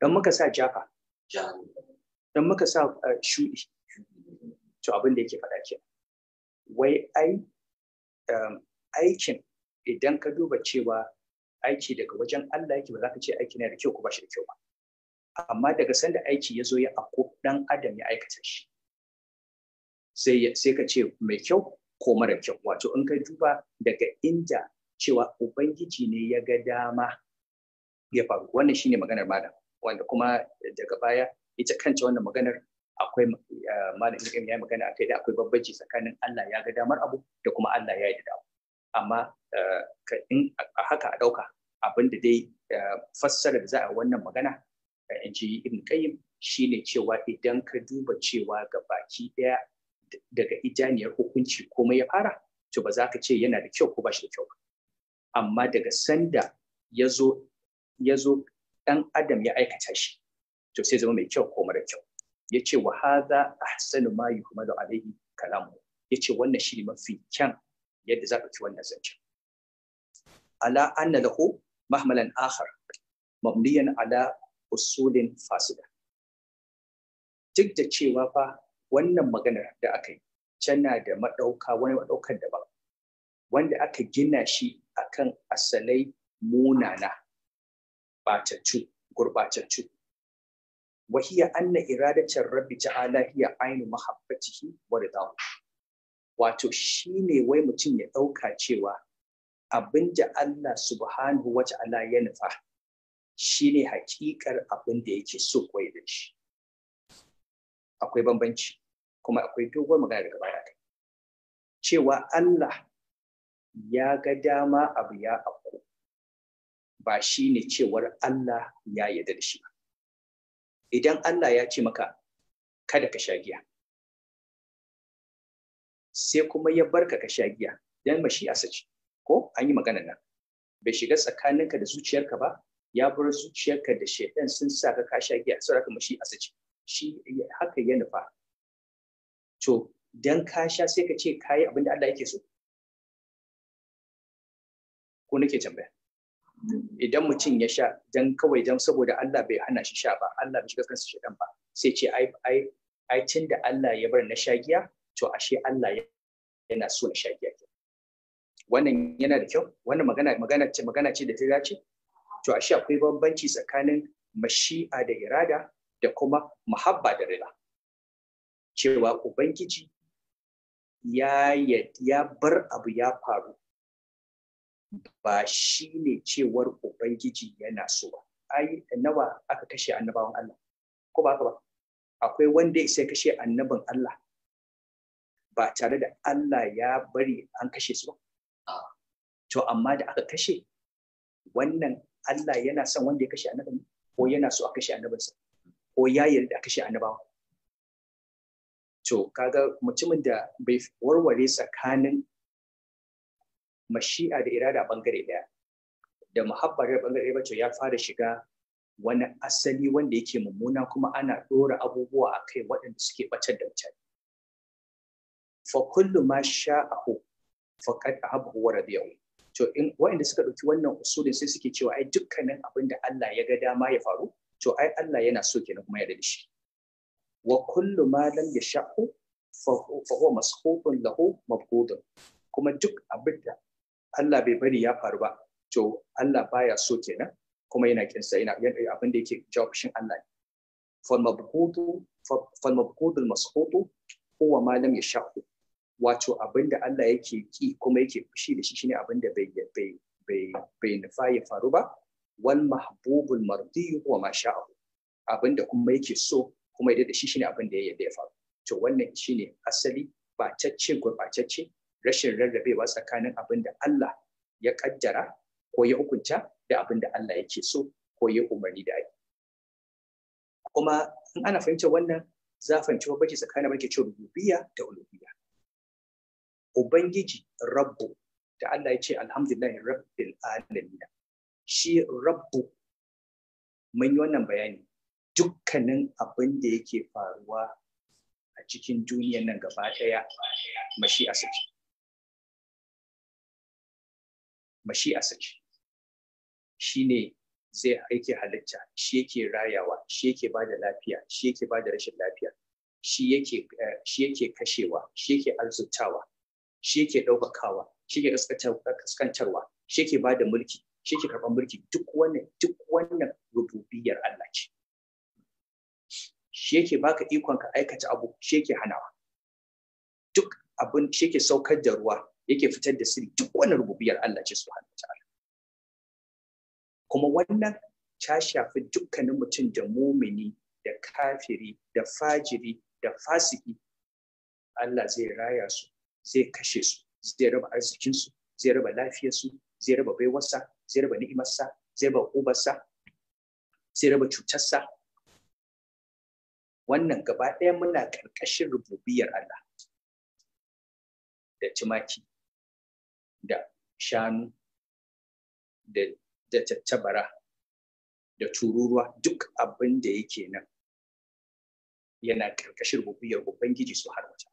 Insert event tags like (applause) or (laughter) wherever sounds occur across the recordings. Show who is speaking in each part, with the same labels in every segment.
Speaker 1: dan muka sa jafa dan muka sa uh, shuɗi to abin da yake faɗa ke wai ai um, aikin idan ka duba cewa aiki daga wajen Allah yake ba za ka ce aiki na da kyau ko ba shi da kyau ba amma daga sanda aiki ya zo ya ako dan adam ya aikata shi sai sai ka ce mai kyau ko mara kyau wato in ka duba daga inda cewa ubangiji ne ya ga dama ya faru wannan shine maganar malam wanda kuma daga baya ita kanta wannan maganar akwai eh, malam ibn ya magana akai da akwai babbaci tsakanin Allah ya ga damar abu da kuma Allah ya yi da damu. amma eh, in haka a ɗauka abin da dai eh, fassara da za a wannan magana in ji ibn qayyim shine cewa idan ka duba cewa ga baki daya daga idaniyar hukunci komai ya fara to ba za ka ce yana da kyau ko ba shi da kyau amma daga sanda ya zo Dan adam ya aikata shi to sai zama mai kyau ko mara kyau yace wa hadha ahsanu ma yuhmadu alaihi kalamu yace wannan shi ne mafi kyan yadda za ka ci wannan zancen ala anna lahu mahmalan akhar mabniyan ala usulin fasida duk da cewa fa wannan maganar da aka yi tana da maɗauka wani maɗaukar daban wanda aka gina shi akan asalai munana gurɓataccu wa wahiya anna iradatar rabbi ta'ala hiya ainu mahabbatihi wa ridahu wato shine wai mutum ya ɗauka cewa abin da Allah subhanahu wa ta'ala ya nufa shine hakikar abin da yake so koyi da shi akwai bambanci kuma akwai dogon magana daga baya cewa Allah ya ga dama abu ya abu ba shi ne cewar Allah ya yarda da shi ba. Idan Allah ya ce maka kada ka sha giya, sai kuma ya barka ka sha giya, don mashi ya sace, ko an yi magana nan. Bai shiga tsakaninka da zuciyarka ba, ya bar zuciyarka da shaidan sun sa ka ka sha giya, sauraka mashi ya sace. Shi haka ya nufa. To, don ka sha sai ka ce ka yi abin da Allah yake so. Ko nake tambaya? idan mutum ya sha dan kawai dan saboda Allah bai hana shi sha ba Allah bai shiga kansa shi ba sai ce ai ai ai tun da Allah ya bar na sha giya to ashe Allah yana so na sha giya wannan yana da kyau wannan magana magana ce magana ce da ta dace to ashe akwai bambanci tsakanin mashi'a da irada da kuma muhabba da rida cewa ubangiji ya ya bar abu ya faru ba shi ne cewar ubangiji yana so ba ai nawa aka kashe annabawan Allah ko ba ba akwai wanda sai kashe annabin Allah ba tare da Allah ya bari an kashe su ba to amma da aka kashe wannan Allah yana son wanda ya kashe annabin ko yana so a kashe annabinsa ko ya yarda a kashe annabawa to kaga mutumin da bai warware tsakanin mashi'a da irada bangare daya da muhabba da bangare ba ya fara shiga wani asali wanda yake mummuna kuma ana ɗora abubuwa a kai waɗanda suke ɓatar da mutane. Fa kullu ma sha'ahu fa qad ahabbahu wa radiyahu. To in waɗanda suka ɗauki wannan usulin sai suke cewa ai dukkanin abin da Allah ya ga dama ya faru to ai Allah yana so kenan kuma ya da shi. Wa kullu ma lam yasha'u fa huwa masqutun lahu mabqutun Kuma duk abin da Allah bai bari ya faru ba to Allah baya so kenan kuma yana kinsa yana abin da yake jawab shin Allah ne falmabhutu falmabhutul masqutu huwa ma lam yashahu wato abin da Allah yake ki kuma yake fushi da shi shine abin da bai bai bai bai nufa ya faru ba wal mahbubul mardi huwa ma sha'ahu abin da kuma yake so kuma yadda da shi shine abin da ya yadda ya faru to wannan shine asali ba caccin gurɓacacce rashin rarrabewa tsakanin abin da Allah ya kaddara ko ya hukunta da abin da Allah yake so ko ya umarni da ai kuma in ana fahimtar wannan za fahimci babbaci tsakanin barke ce rububiyya da uluhiyya ubangiji rabbu da Allah ya ce alhamdulillahi rabbil alamin shi rabbu mun yi wannan bayani dukkanin abin da yake faruwa a cikin duniyar nan gaba ɗaya mashi a saki mashi'arsa ce shi ne zai yake halitta shi yake rayawa shi yake ba da lafiya shi yake ba da rashin lafiya shi yake shi yake kashewa shi yake arzutawa shi yake ɗaukakawa shi yake kaskantarwa shi yake ba da mulki shi yake karɓar mulki duk wannan duk wannan rububiyar Allah ce shi yake baka ikon ka aikata abu shi yake hanawa duk abin shi yake saukar da ruwa yake fitar da siri duk wannan rububiyar Allah ce subhanahu wataala kuma wannan ta shafi dukkanin mutum da mumini da kafiri da fajiri da fasiki Allah zai raya su zai kashe su zai raba arzikinsu zai raba lafiyarsu zai raba baiwarsa zai raba ni'imarsa zai raba ubarsa zai raba cutarsa wannan gaba ɗaya muna ƙarƙashin rububiyar Allah da tumaki da shanu da tattabara da tururuwa duk abin da yake nan yana karkashin rububiyar ubangiji su har wata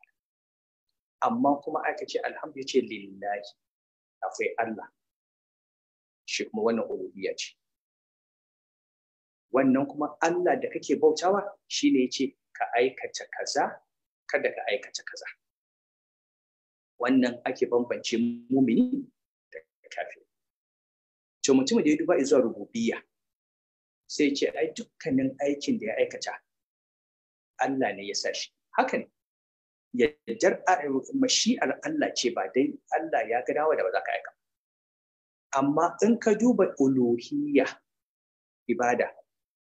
Speaker 1: amma kuma aka ce alhamdu ce lillahi akwai Allah shi kuma wannan uluhiyya ce wannan kuma Allah da kake bautawa shine yace ka aikata kaza kada ka aikata kaza wannan ake bambance mumini da kafir to mutumin da ya duba zuwa rububiyya sai ce ai dukkanin aikin da ya aikata Allah ne ya sa shi haka ne yaddar mashi'ar Allah ce ba dai Allah ya ga dawa da ba za ka aika amma in ka duba uluhiyya ibada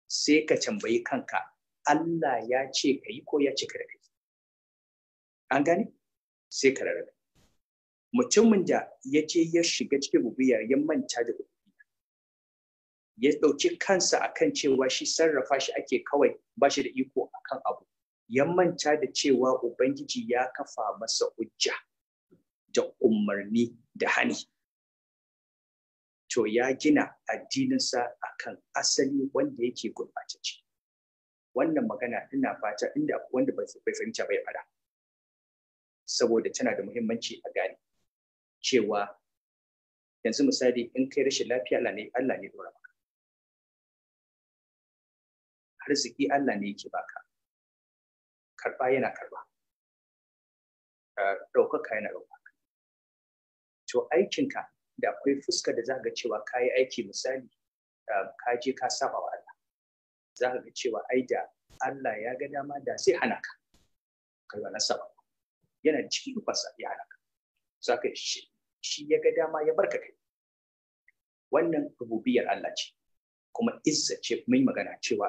Speaker 1: sai ka tambayi kanka Allah ya ce ka yi ko ya ce ka da an gane sai ka rarraba. mutumin da ya je ya shiga cikin rubiya ya manta da rubiya ya ɗauki kansa akan cewa shi sarrafa shi ake kawai ba shi da iko akan abu ya manta da cewa ubangiji ya kafa masa hujja da umarni da hani to ya gina addininsa akan asali wanda yake gurɓatacce wannan magana ina fata inda wanda bai fahimta bai fada saboda tana da muhimmanci a gane cewa yanzu misali in kai rashin lafiya Allah ne Allah ne dora maka arziki Allah ne yake baka karba yana karba ɗaukaka yana ɗaukaka to aikinka da akwai fuska da zaka ga cewa ka aiki misali um, ka je ka saba wa Allah za ga cewa ai da Allah ya ga dama da sai hana ka kai wannan saba yana cikin fasa ya hana ka saka shi ya ga dama ya barka kai wannan rububiyar Allah ce kuma izza ce mai magana cewa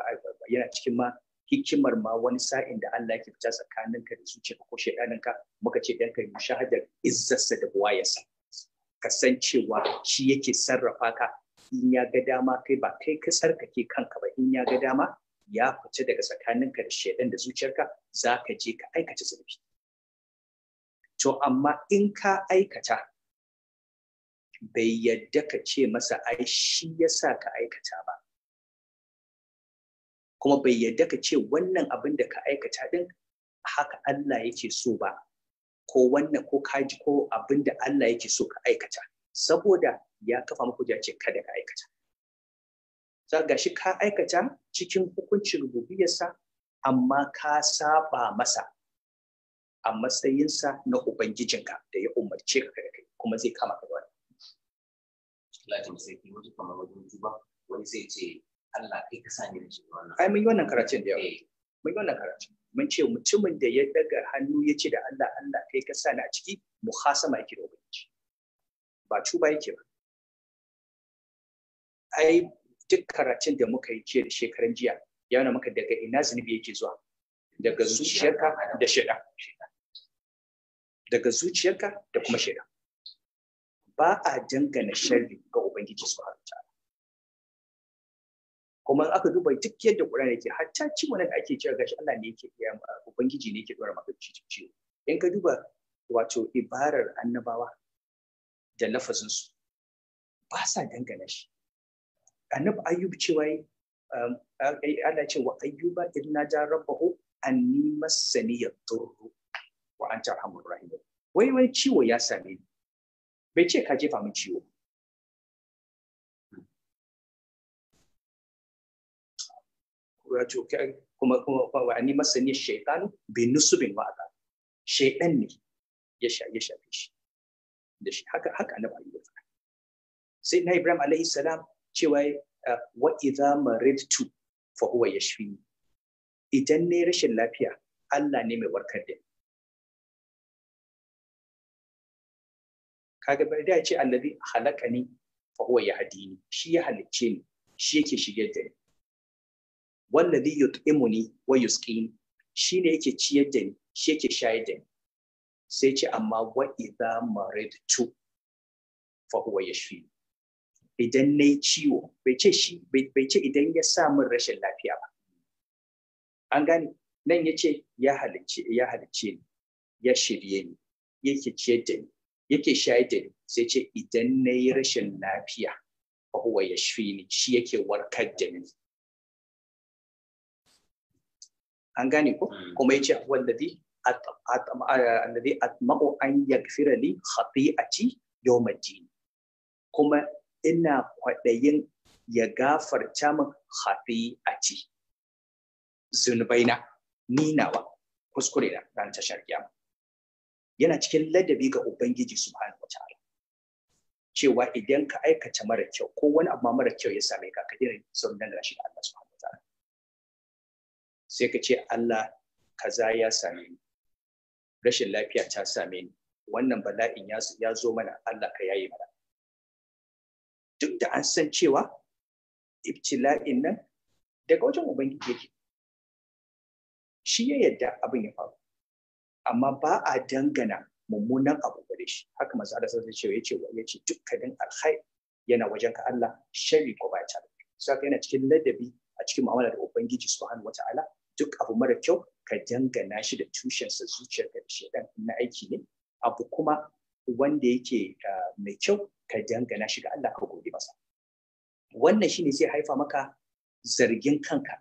Speaker 1: yana cikin ma hikimar ma wani sa'in da Allah yake fita tsakaninka da zuciya ko shaidaninka muka ce dan kai mushahadar izzarsa da buwayarsa cewa shi yake sarrafa ka in ya ga dama kai ba kai ka sarkake kanka ba in ya ga dama ya fita daga tsakaninka da shaidan da zuciyarka za ka je ka aikata zunubi to amma in ka aikata bai yadda ka ce masa ai shi yasa ka aikata ba kuma bai yadda ka ce wannan abin da ka aikata din haka Allah yake so ba ko wannan ko kaji ko abin da Allah yake so ka aikata saboda ya kafa muku ya ce kada ka aikata Sa gashi ka aikata cikin hukuncin rububiyarsa amma ka saba masa a matsayinsa na ubangijinka da ya umarce ka da kai kuma zai kama ka wani latin sai ki mutu kamar wajen juba wani sai ce Allah kai ka sani da shi wannan ai mun yi wannan karatun da yawa eh. mun yi wannan karatun mun ce mutumin da ya daga hannu ya ce da Allah Allah kai ka sani a ciki mu muhasama yake da ubangiji ba cuba yake ba ai duk karatun da muka yi jiya da shekaran jiya ya nuna maka daga ina zunubi yake zuwa daga zuciyarka da shaɗa. daga zuciyarka da kuma shaida. ba a dangana sharri ga ubangiji su wataala kuma aka duba duk yadda Qur'ani yake hatta ciwon da ake cewa gashi Allah ne yake iya ubangiji ne yake dora maka ciwo in ka duba wato ibarar annabawa da lafazin su ba sa dangana shi annabi ayyub cewa um, Allah ce wa ayyuba idna ja rabbahu anni ya yadurru wa anta arhamur rahim wai wani ciwo ya same ni bai ce ka jefa min ciwo wato kuma kuma wa ani masani shaytanu bi nusubin wa adab shaytan ne ya shafe shi da shi haka haka annabi ayyuka faɗa sai na ibrahim alaihi salam ce wai, ah, wa idza maridtu fa huwa yashfini idan ne rashin lafiya Allah ne mai warkar da ni kaga bai da ce allazi halakani fa huwa yahdini shi ya halicce ni shi yake shige da ni wallazi yut'imuni wa yusqini shi ne yake ciyar da ni shi yake shayar da ni sai ce amma wa idza maridtu fa huwa yashfi idan nayi ciwo bai ce shi bai ce idan ya sa min rashin lafiya ba an gane nan ya ce ya halicce ya halicce ni ya shirye ni yake ciyar da ni yake shaida da sai ce idan na yi rashin lafiya ya shi ni shi yake warkar da ni an gane ko hmm. kuma yace wallazi alladhi atma'u an yaghfira li khati'ati yawmal din kuma ina kwaɗayin ya gafarta min khati'ati zunubaina ni nawa kuskure na ran tashar yana cikin ladabi ga ubangiji subhanahu wataala cewa idan ka aikata mara kyau ko wani abu mara kyau ya same ka ka dena son dangana shi da Allah subhanahu wataala sai ka ce Allah kaza ya same ni rashin lafiya ta same ni wannan bala'in ya zo mana Allah ka yaye mana duk da an san cewa ibtila'in nan daga wajen ubangiji yake shi ya yadda abin ya faru amma ba a dangana mummunan abu gare shi haka manzo Allah sai ce yace ce dukkanin alkhair yana wajen ka Allah sharri ko baya tare saka yana cikin ladabi a cikin mu'amala da ubangiji subhanahu wata'ala duk abu mara kyau ka dangana shi da tushensa zuciyar da shedan na aiki ne abu kuma wanda yake ah, mai kyau ka dangana shi ga Allah ka gode masa wannan shine zai haifa maka zargin kanka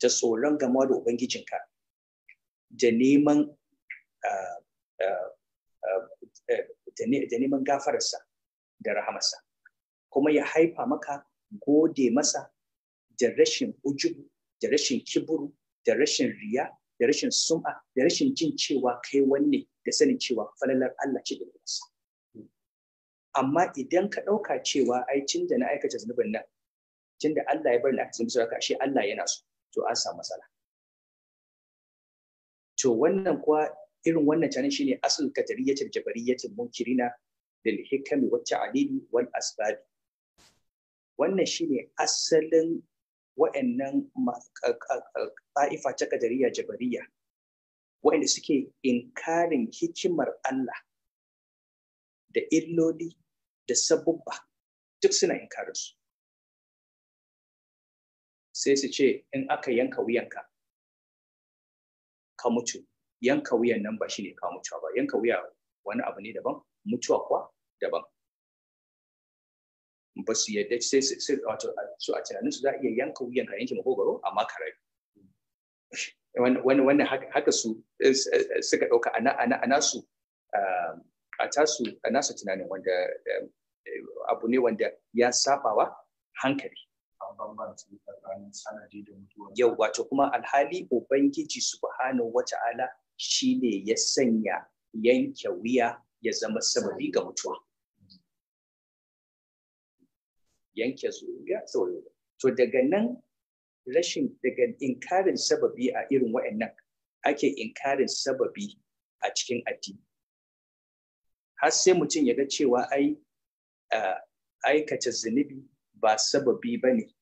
Speaker 1: da tsoron gama da ubangijinka da neman ah, ah, ah, da neman gafararsa da rahamarsa kuma ya haifa maka gode masa da rashin ujubu da rashin kiburu da rashin riya da rashin sum'a da rashin jin cewa kai wanne da sanin cewa falalar Allah ce da masa amma idan ka ɗauka cewa ai cin da na aikata zunubin nan cin da Allah ya bar na aikata zunubin shi Allah yana so to an samu matsala to wannan kuwa irin wannan canin shine asul katariyatul jabariyatul munkirina lil hikami wa ta'lili wal asbab wannan shine asalin wa'annan ta'ifa ta kadariya jabariya wa'anda suke inkarin hikimar Allah da illoli da sabubba duk suna inkarin su sai su ce in aka yanka wuyanka ka mutu yanka wuyan nan ba shine ka mutuwa ba yanka wuya wani abu ne daban mutuwa kuwa daban ba su yadda sai sai wato su a tunanin su za a iya yanka wuyan ka yanke makogaro amma ka Wani wannan haka su eh, suka ɗauka a nasu ah, a tasu a nasu tunanin wanda eh, abu ne wanda ya sabawa hankali yau wato kuma alhali ubangiji subhanahu shi shine ya sanya yanke wuya ya zama sababi ga mutuwa yanke to daga nan rashin daga inkarin sababi a irin wa'annan ake inkarin sababi a cikin addini har sai mutum ya ga cewa ai aikata zunubi ba sababi ba ne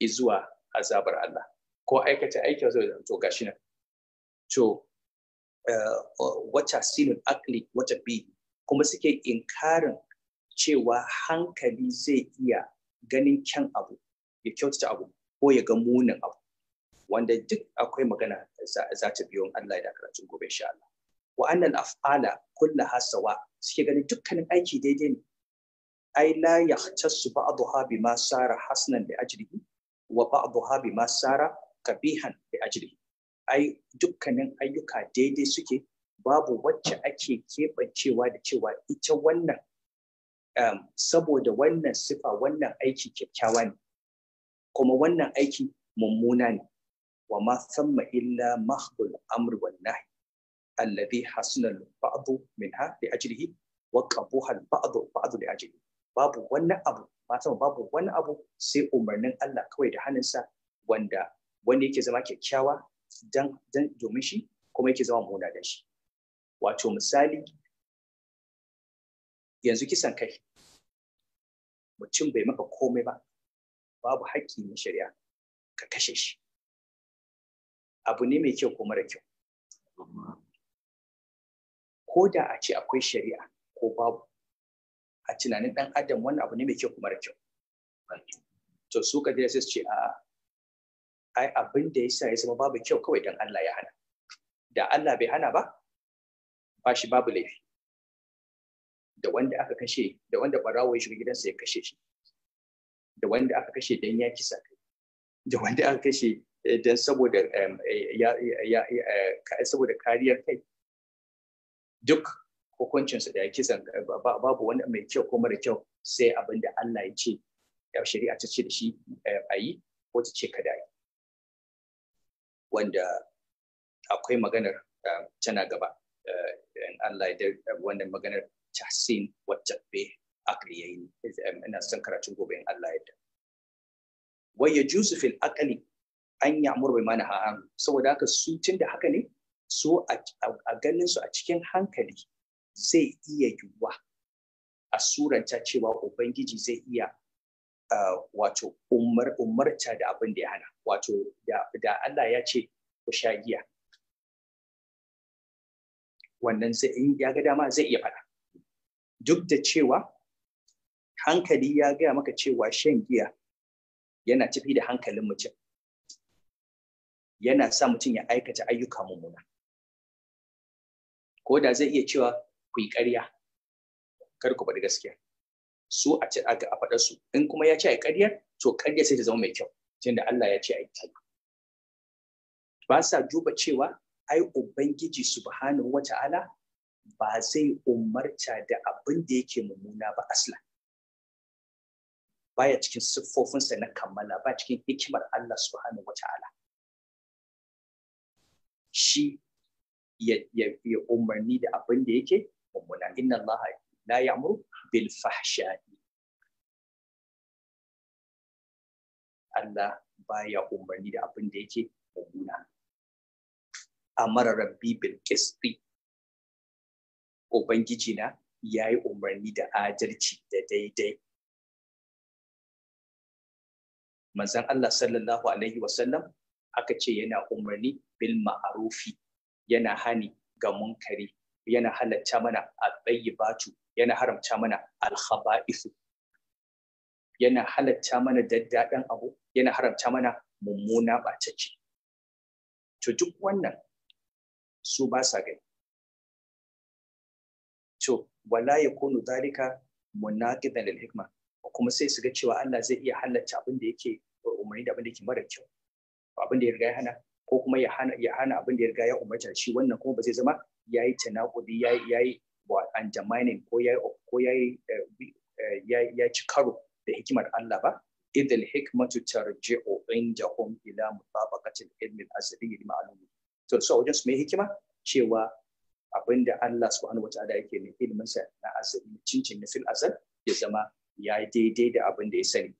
Speaker 1: izuwa azabar Allah ko aikata aikin zai zanto gashi nan to eh, wata silin akli wata bi kuma suke inkarin cewa hankali zai iya ganin kyan abu ya kyautata abu ko ya ga munin abu wanda duk akwai magana za ta biyo Allah ya karatun gobe insha Allah wa af'ala kullu hasawa suke ganin dukkanin aiki daidai ne ai la yahtassu ba'daha bima sara hasanan bi ajrihi wa ba'daha bima sara kabihan bi ajri ai dukkanin ayyuka daidai suke babu wacce ake keɓancewa da cewa ita wannan um, saboda wannan sifa wannan aiki kyakkyawa ne kuma wannan aiki mummuna ne wa ma samma illa mahdul amr wan nahy alladhi hasuna al minha li ajlihi wa qabuha al-ba'd li ajlihi babu wani abu matan babu wani abu sai umarnin Allah kawai da hannunsa wanda wani yake zama kyakkyawa dan dan domin shi kuma yake zama mona da shi wato misali yanzu kisan kai mutum bai maka komai ba babu haƙƙi na shari'a ka kashe shi abu ne mai kyau ko mara kyau ko da a ce akwai shari'a ko babu a tunanin dan adam wannan abu ne mai kyau kuma da kyau to su kadira sai su ce a ai abin da yasa ya zama babu kyau kawai dan Allah ya hana da Allah bai hana ba ba shi babu laifi da wanda aka kashe da wanda barawo ya shiga gidansa ya kashe shi da wanda aka kashe dan ya kisa kai da wanda aka kashe eh, dan saboda eh, eh, saboda kariyar kai duk hukuncinsa da kisan babu wani mai kyau ko mara kyau sai abin da Allah ya ce shari'a ta ce da shi eh, a yi ko ta ce kada yi wanda akwai maganar eh, tana gaba eh, in Allah ya wannan maganar tahsin wa be akli yayi ina son karatun gobe in Allah ya da wa yajuzu fil aqli an bai mana ha'an saboda haka su tunda haka ne so a ganin su a cikin hankali zai iya yiwuwa a suranta cewa ubangiji zai iya wato umarta da abin da ya hana wato da Allah ya ce ku sha giya wannan in ya ga dama zai iya faɗa duk da cewa hankali ya gaya maka cewa shan giya yana tafi da hankalin mutum yana sa mutum ya aikata ayyuka mummuna ko da zai iya cewa ku yi ƙarya kar ku faɗi gaskiya su a ce a faɗa su in kuma ya ce a ƙarya to ƙarya sai ta zama mai kyau tunda Allah ya ce a yi ba sa duba cewa ai ubangiji subhanahu wata'ala ba zai umarta da abin da yake mummuna ba asla baya cikin siffofinsa na kammala ba cikin hikimar Allah subhanahu wata'ala shi ya umarni da abin da yake Ummuna, inna allaha la ya'muru bil fahsha'i Allah baya umarni da abin da yake mummuna amara rabbi bil qisti ubangiji na yayi umarni da adalci da daidai manzon Allah sallallahu alaihi wasallam aka ce yana umarni bil ma'arufi yana hani ga munkari yana halatta mana al yana haramta mana al yana halatta mana daddaɗan abu yana haramta mana mummuna ɓatacce to duk wannan su ba sa gani to wala yakunu zalika munaqidan lil hikma kuma sai su ga cewa Allah zai iya halatta abin da yake umarni da abin da yake mara kyau abin da ya riga ya hana ko kuma ya hana ya hana abin da ya riga ya umarta shi wannan kuma ba zai zama Yayi yi tanakudi ya yi undermining ko ya ko ya eh, eh, ci karo da hikimar Allah ba idil hikmatu tarji'u indahum ila al ilmi al-asli al-ma'lum to so wajen su mai hikima cewa abinda Allah subhanahu wataala yake ne ilmin sa na asali cincin na fil asal ya zama ya daidai da abinda ya sani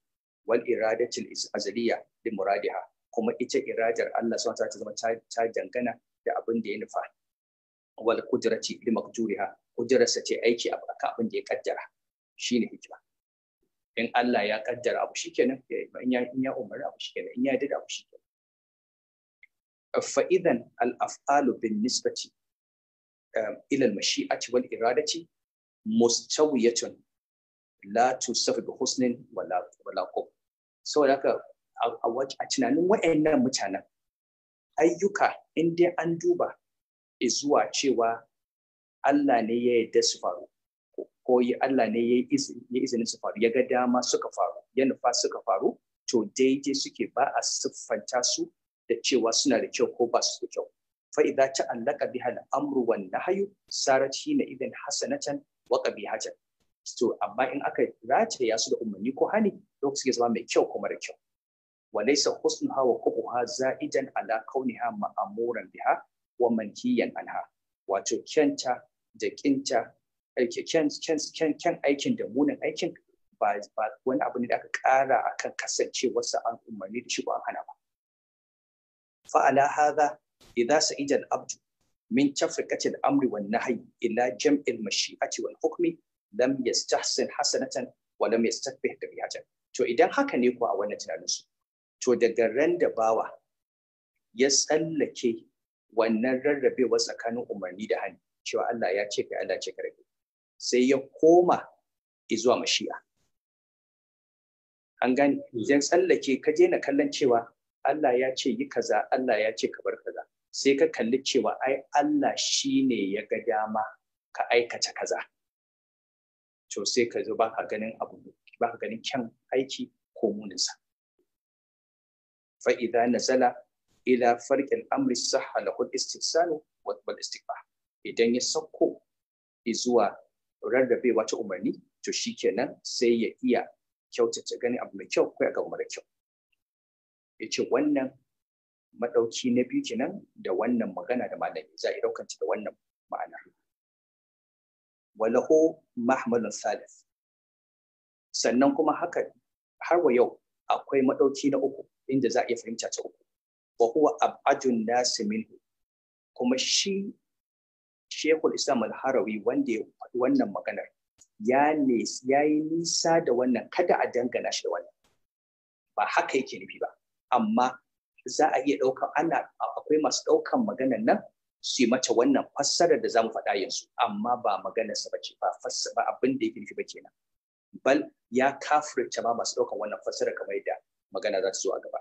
Speaker 1: wal iradatul azaliya li muradiha kuma ita iradar Allah subhanahu wataala ta zama ta dangana da abin da ya nufa wal qudrati li maqduriha qudrarsa ce aiki akan abin da ya kaddara shine hikima in Allah ya kaddara abu shikenan in ya in ya umara abu shikenan in ya yarda abu shikenan fa idan al af'alu bin nisbati eh, ila al mashi'ati wal iradati mustawiyatun la tusafu bi husnin wala wala qub saboda haka a tunanin waɗannan mutanen ayyuka in dai an duba zuwa cewa Allah ne ya yarda su faru ko Allah ne ya yi izinin su faru ya ga dama suka faru ya nufa suka faru to daidai suke ba a siffanta su da cewa suna da kyau ko ba su da kyau fa idza ta'allaqa biha al-amru wan nahyu sarat hina idan hasanatan wa qabihatan to amma in aka rataya su da umarni ko hani lokacin suke zama mai kyau kuma da kyau wa laysa husnuha wa qubuha za'idan ala kauniha ma'amuran biha wa manhiyan alha, wato kyanta da kinta kyan aikin da munin aikin ba wani abu ne da aka ƙara akan kasancewarsa an umarni da shi an hana ba fa'ala hadha idza sa'ida al-abdu min tafriqati al-amri wan nahyi ila jam'il mashi'ati wal hukmi lam yastahsin hasanatan wa lam yastakbih kabiyatan to idan haka ne ko a wannan tunanin su to daga ran da bawa ya tsallake wannan rarrabewa tsakanin umarni da hannu. cewa Allah ya ce kai Allah ce ka rabe sai ya koma izuwa mashi'a an gane idan hmm. tsallake ka je na kallon cewa Allah ya ce yi kaza Allah ya ce ka bar kaza sai ka kalli cewa ai Allah shine ya ga dama ka aikata kaza to sai ka zo baka ganin abu baka ganin kyan aiki ko sa fa idza nazala ila farkin amri sahha lahu istihsalu wa bal istiqbah idan ya sako zuwa rarrabe ta umarni to shikenan sai ya iya kyautata gani abu mai kyau ko ya ga mara kyau yace wannan madauki na biyu kenan da wannan magana da malami za a daukanta da wannan ma'ana walahu mahmalun salif sannan kuma haka har wa yau akwai madauki na uku inda za a iya fahimta ta uku wa huwa ab'ajun nas minhu kuma shi Shekul Islam al-Harawi wanda ya faɗi wannan maganar ya yi nisa da wannan kada a dangana shi da wannan ba haka yake nufi ba amma za a iya ɗauka ana akwai masu ɗaukan maganar nan su yi mata wannan fassarar da za mu faɗa yanzu amma ba maganarsa ba bace ba abin da yake nufi ba kenan bal ya kafirta ma masu ɗaukan wannan fassarar kamar yadda magana za ta zo a gaba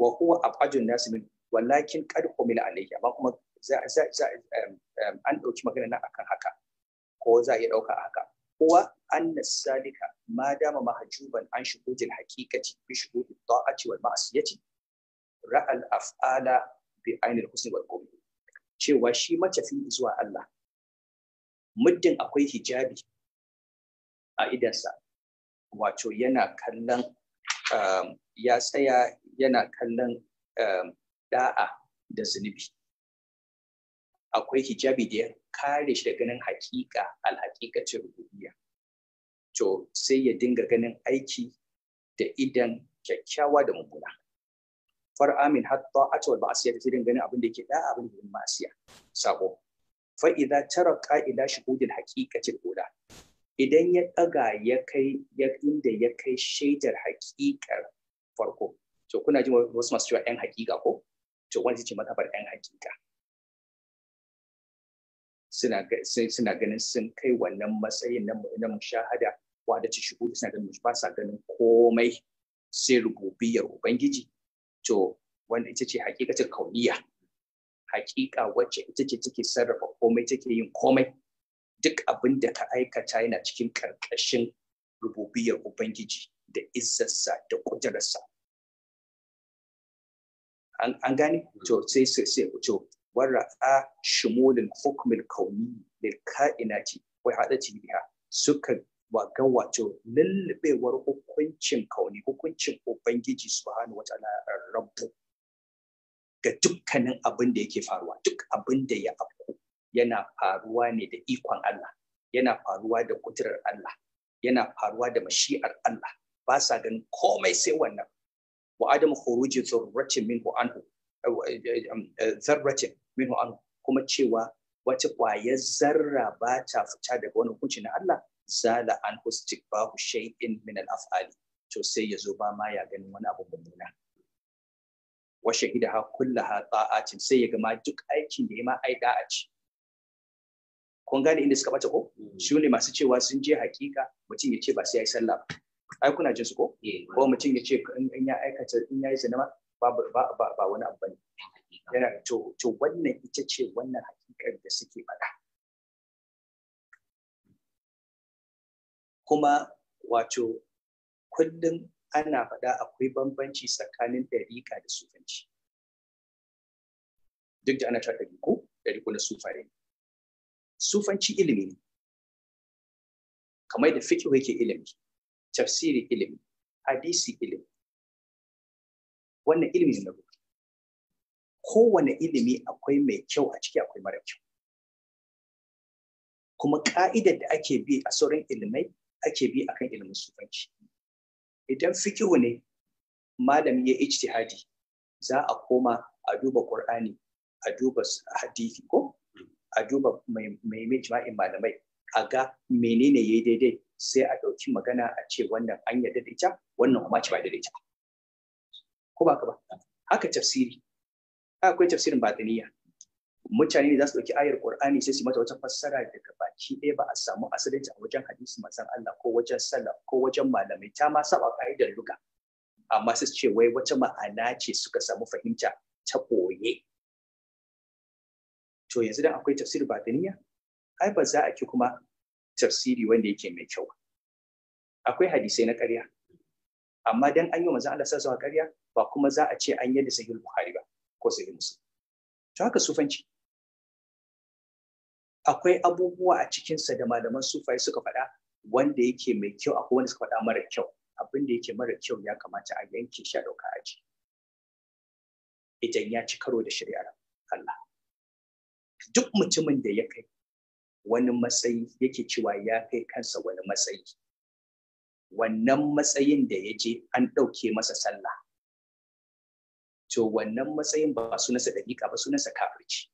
Speaker 1: wa huwa abajun nasi min walakin qad humil alayhi amma kuma za za an dauki magana na akan haka ko za a iya dauka haka huwa anna salika ma dama mahjuban an shuhudil haqiqati bi shuhudi ta'ati wal ma'siyati ra'al af'ala bi ainil husni wal qabul cewa shi matafi zuwa Allah muddin akwai hijabi a idansa wato yana kallon ya tsaya yana kallon eh, da'a da zunubi akwai hijabi da ya kare shi da ganin haƙiƙa alhakikacin rububiya to sai ya dinga ganin aiki da idan kyakkyawa da mummuna amin hatta a cewar ma'asiya da dinga ganin abin da ke da'a abin da ke ma'asiya sako fa'iza tara ka'ida shuhudin hakikacin ula idan ya ɗaga ya kai inda ya kai shaidar haƙiƙar? farko to kuna ji wasu masu cewa yan hakika ko to wani ce bar yan hakika suna ganin sun kai wannan matsayin na mushahada da ci shuhudi suna ganin ba sa ganin komai sai rububiyar ubangiji to wanda ita ce hakikatar kauniya hakika wacce ita ce take sarrafa komai take yin komai duk abin da ka aikata yana cikin karkashin rububiyar ubangiji da izzarsa da kudurarsa an gani to sai sai sai to a shumulul hukmil kauni lil ka'inati wai ci biya suka ga wato lullubewar hukuncin kauni hukuncin ubangiji subhanahu wa rabbu ga dukkanin abin da yake faruwa duk abin da ya afku yana faruwa ne da ikon Allah yana faruwa da kuturar Allah yana faruwa da mashi'ar Allah ba sa ganin komai sai wannan wa adamu khuruji zarratin minhu anhu eh, eh, eh, zarratin minhu anhu kuma cewa wata ƙwayar zarra ba ta fita daga wani hukunci na Allah zala an hustik hu shay'in min al-af'ali to sai ya zo ba ma ya ganin wani abu mummuna wa shahida ha kullaha ta'atin sai ya gama duk aikin da ya ma ai da'a ce kun gane inda suka bata ko mm. su ne masu cewa sun je hakika mutum ya ce ba sai ya yi sallah ai kuna jin su ko eh, ko mutum ya ce in ya aikata in ya yi sinima ba ba ba wani abu bane yana to to wannan ita ce wannan hakikar da suke faɗa kuma wato kullum ana faɗa akwai bambanci tsakanin ɗariƙa da sufanci duk da ana ta ɗariƙo ɗariƙo na sufaye sufanci ilimi ne kamar da fikihu yake ilimi tafsiri ilimi hadisi ilimi wannan ilimi na rubutu kowane ilimi akwai mai kyau a ciki akwai mara kyau kuma ka'idar da ake bi a sauran ilimai ake bi akan ilimin sufanci idan fikihu ne malami ya ijtihadi za a koma a duba qur'ani a duba hadisi ko a duba mai mai jima'in malamai a ga menene yayi daidai sai a ɗauki magana a ce wannan an yarda da ita wannan kuma ce ba da ita ko ba ka ba haka tafsiri akwai tafsirin batiniya mutane ne za su ɗauki ayar ƙur'ani sai su mata wata fassara daga baki ɗaya ba a samu asalinta a wajen hadisi masan Allah ko wajen Sallah ko wajen malamai ta ma saba ka'idar luga amma su ce wai wata ma'ana ce suka samu fahimta ta koye to yanzu dan akwai tafsir batiniya ai ba za a ki kuma tafsiri wanda yake mai kyau akwai hadisai na ƙarya amma dan an yi manzon Allah sallallahu alaihi ƙarya ba kuma za a ce an yi da sahih bukhari ba ko sahih muslim to haka sufanci akwai abubuwa a cikin sa da malaman sufai suka faɗa wanda yake mai kyau akwai wanda suka faɗa mara kyau abin da yake mara kyau ya kamata a yanke shi a ɗauka aji idan ya ci karo da shari'ar Allah duk mutumin da ya kai wani matsayi yake cewa ya kai kansa wani matsayi wannan matsayin da ya je an ɗauke masa sallah to wannan matsayin ba sunansa ɗabiƙa ba sunansa kafirci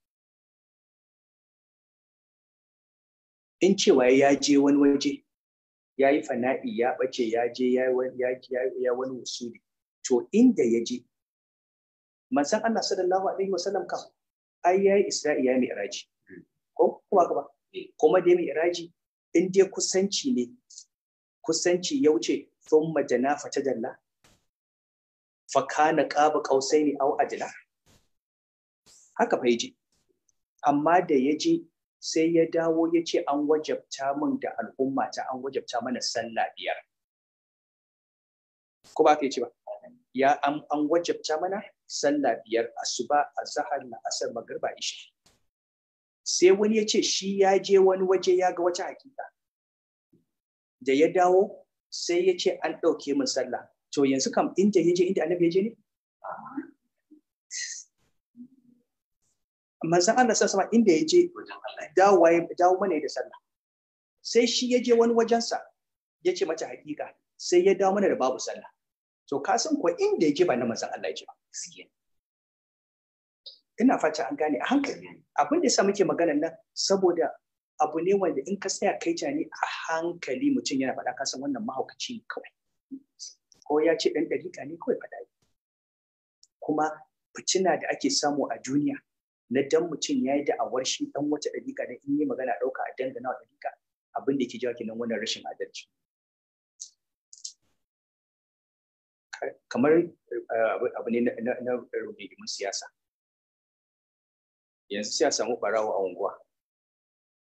Speaker 1: in cewa ya je wani waje ya yi fana'i ya ɓace ya je ya wani wasuri, to inda ya je manzon Allah sallallahu alaihi wasallam kan ai yi isra'i ya mi'raji ko kuma ka ba kuma dai mi'raji in dai kusanci ne kusanci ya wuce sun majana fata dalla na ƙaba ƙausai ne au adila haka fa ji. amma da ya je sai ya dawo ya ce an wajabta min da al'umma ta an wajabta mana sallah biyar ko ba ka ce ba ya an wajabta mana sallah biyar asuba azhar la'asar magriba isha sai wani ya ce shi ya je wani waje ya ga wata hakika da ya dawo sai ya ce an ɗauke min sallah to yanzu kam inda ya je inda annabi ya je ne manzon Allah sallallahu sama inda ya je dawo dawo mana da sallah sai shi ya je wani wajensa ya ce mata hakika sai ya dawo mana da babu sallah to kasan ko inda ya je ba na manzon Allah ya je ba ina fata an gane a hankali abin da yasa muke magana nan saboda abu ne wanda in ka tsaya kai tunani a hankali mutum yana faɗa kasan wannan mahaukaci ne kawai ko ya ce ɗan ka ne kawai faɗa kuma fitina da ake samu a duniya na dan mutum ya yi da'awar shi dan wata ɗariƙa da in yi magana ɗauka a dangana wa ɗariƙa abin da ke jawo kenan wannan rashin adalci kamar eh, abu ne na rundumin siyasa yanzu sai a samu barawo a unguwa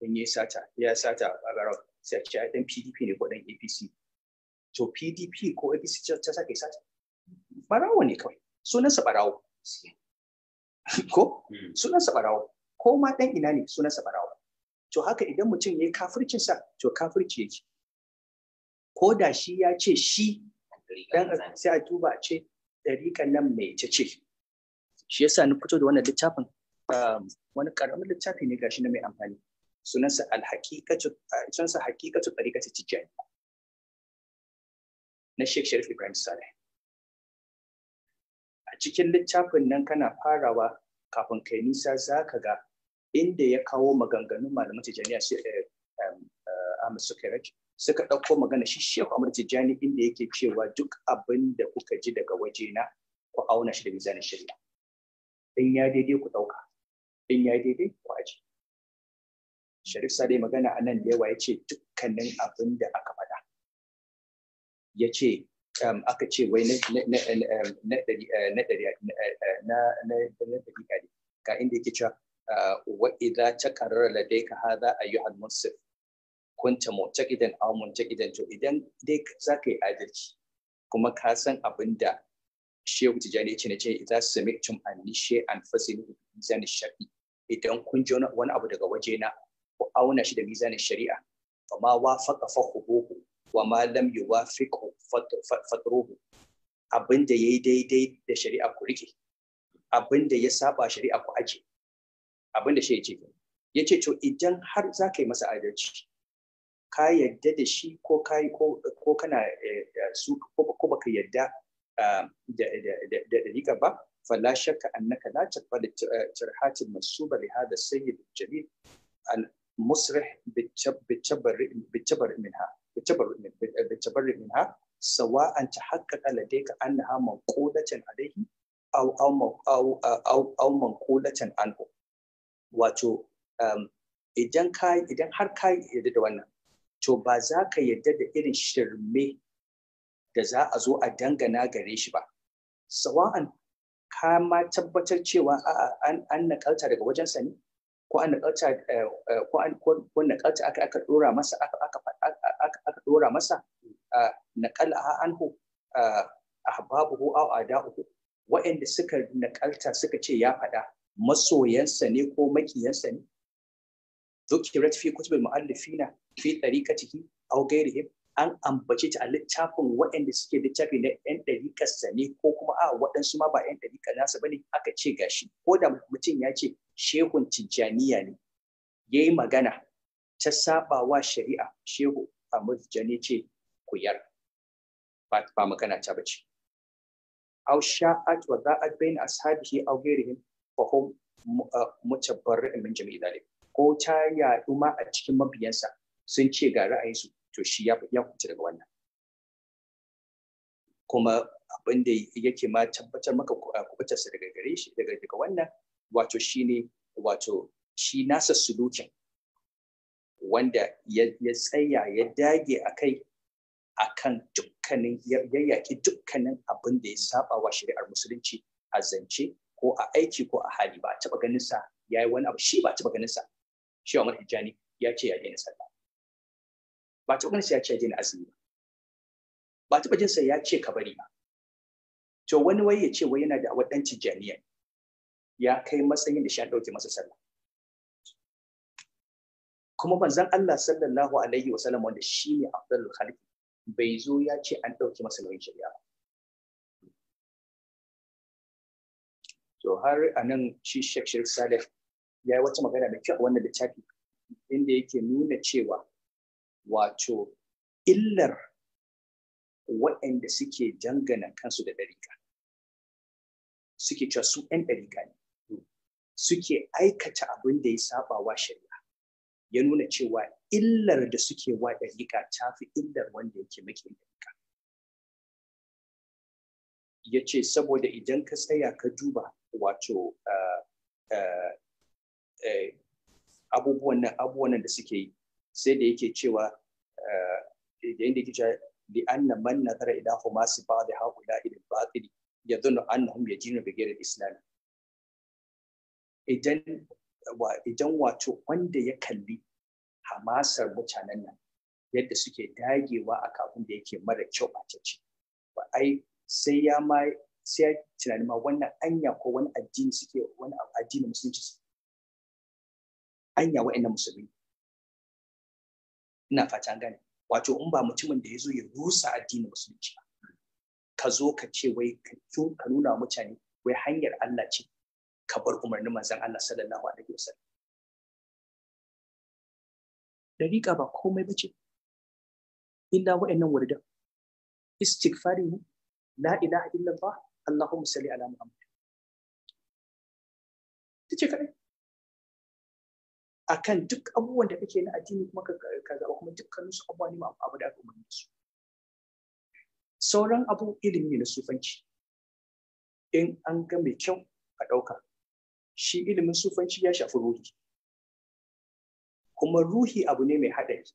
Speaker 1: in yi sata ya sata a barawo sai a ce a dan PDP ne ko dan APC to PDP ko APC ta sake sata barawo ne kawai sunansa barawo (laughs) ko hmm. sunansa barawo ko ma dan ina ne sunansa barawo to haka idan mutum ya yi kafircinsa to kafirci yake ko da shi ya ce shi dan sai a duba a ce dariƙan nan mai ce ce shi yasa ni fito da wannan littafin Um, wani karamin littafi ne gashi na mai amfani sunansa alhaqiqatu uh, sunansa haqiqatu na Sheikh Sharif Ibrahim Saleh a cikin littafin nan kana farawa kafin kai nisa ka ga inda ya kawo maganganun malaman su eh, um, uh, Ahmad Sukairaj suka ɗauko magana shi Sheikh Ahmad Tijjani inda yake cewa duk abin da kuka ji daga wajena ku auna shi da mizanin shari'a in ya daidai ku ɗauka in ya daidai a ce? sharif sade magana a nan da yawa yace ce dukkanin abin da aka faɗa ya ce um, aka ce wai na ɗariƙa ne ka inda yake cewa ah, wa idza taqarrara ladayka hadha ayyuhal munsif kunta mutaqidan aw muntaqidan to idan dai zaka yi adalci kuma ka san abin da shehu tijani ya ce na ce idza sami'tum an shay'an fasilu bi zan shafi. idan kun ji wani abu daga waje na, ku auna shi da mizanin shari'a fa ma wafaqa fahuhu wa ma lam yuwafiqhu fatruhu abin da yayi daidai da shari'a ku rike abin da ya saba shari'a ku aje abin da shi yake ya ce to idan har za ka yi masa adalci ka yadda da shi ko kai ko kana eh, eh, su ko baka yadda ah, da da ba فلا شك أنك لا تقبل الترحات المنسوبة لهذا السيد الجليل المصرح بالتبرئ بالتبرئ منها بالتبرئ بالتبرئ منها سواء تحقق لديك أنها منقولة عليه أو أو أو أو أو منقولة عنه wato idan ka idan har ka yarda da wannan to ba za ka yarda da irin shirme da za a zo a dangana gare shi ba sawa'an ka ma tabbatar cewa an nakalta daga wajen sani ko an nakalta eh, eh, ko an ko nakalta aka aka dora masa aka aka aka dora masa babu anhu ahbabuhu aw uku? wa'anda suka nakalta suka ce ya faɗa masoyansa ne ko makiyansa ne zukirat fi kutubil mu'allifina fi tariqatihi aw ghairihim an ambace ta a littafin waɗanda suke littafi na yan ɗariƙarsa ne ko kuma a waɗansu ma ba yan ɗariƙar nasa ba ne aka ce ga shi. ko da mutum ya ce shehun tijjaniya ne ya yi magana ta saba wa shari'a shehu a mutjani ce ku kuyar ba magana ta bace aw sha'at wa za'at bain ashabihi aw ghairihim fa hum mutabbarri'un min jami'i dhalik ko ta yaɗu ma a cikin mabiyansa sun ce ga ra'ayinsu to shi ya ya kuce daga wannan kuma abin da yake ma tabbatar maka kubutarsa daga gare shi daga daga wannan wato shine wato shi nasa sulukin wanda ya tsaya ya dage a kai a kan dukkanin ya yaki dukkanin abin da ya saba wa shari'ar musulunci a zance ko a aiki ko a hali ba a taɓa ganin ya wani abu shi ba a ganin sa, shi wa hijjani ya ce ya daina sallah ba ta ƙoƙarinsa ya ce daina azumi ba ba ta sai ya ce ka bari ba to wani wai ya ce wai yana da awar jami'a ya kai matsayin da shi an ɗauke masa sallah kuma manzon Allah sallallahu alaihi wa sallam wanda shi ne Abdul khalqi bai zo ya ce an ɗauke masa nauyin shari'a ba to har a nan shi Sheikh Shirk Saleh ya yi wata magana da kyau a wannan littafi inda yake nuna cewa wato illar waɗanda suke dangana kansu da ɗariƙa suke cewa su 'yan ɗariƙa ne suke aikata abin da ya saba wa shari'a ya nuna cewa illar da suke wa ɗariƙa ta fi illar wanda yake maki ɗariƙa ya ce saboda idan ka tsaya ka duba wato ah, ah, eh, abubuwan nan abubuwan da suke yi sai da yake cewa eh, da yake cewa li anna man nazara ila huma sifati haula ila batili yadhunnu annahum yajinu bi ghairi islam idan idan wato wanda ya kalli hamasar mutanen nan yadda suke dagewa a kafin da yake mara kyau a cece ba ai sai ya ma sai ya tunani ma wannan anya ko wani addini suke wani addini musulunci anya wa'annan musulmi ina fatan gane wato in ba mutumin da ya zo ya rusa addinin musulunci ba ka zo ka ce wai ka nuna wa mutane wai hanyar Allah ce ka bar umarnin manzon Allah sallallahu alaihi wasallam dariƙa ba komai bace illa wa'annan wurdan istighfari ne la ilaha illallah allahumma salli ala muhammad tace kai akan duk abubuwan da kake na addini kuma ka gaba kuma dukkanin su abubuwa ne abu da aka umarni su sauran abu ilimi na sufanci in an ga mai kyau a ɗauka shi ilimin sufanci ya shafi ruhi kuma ruhi abu ne mai haɗari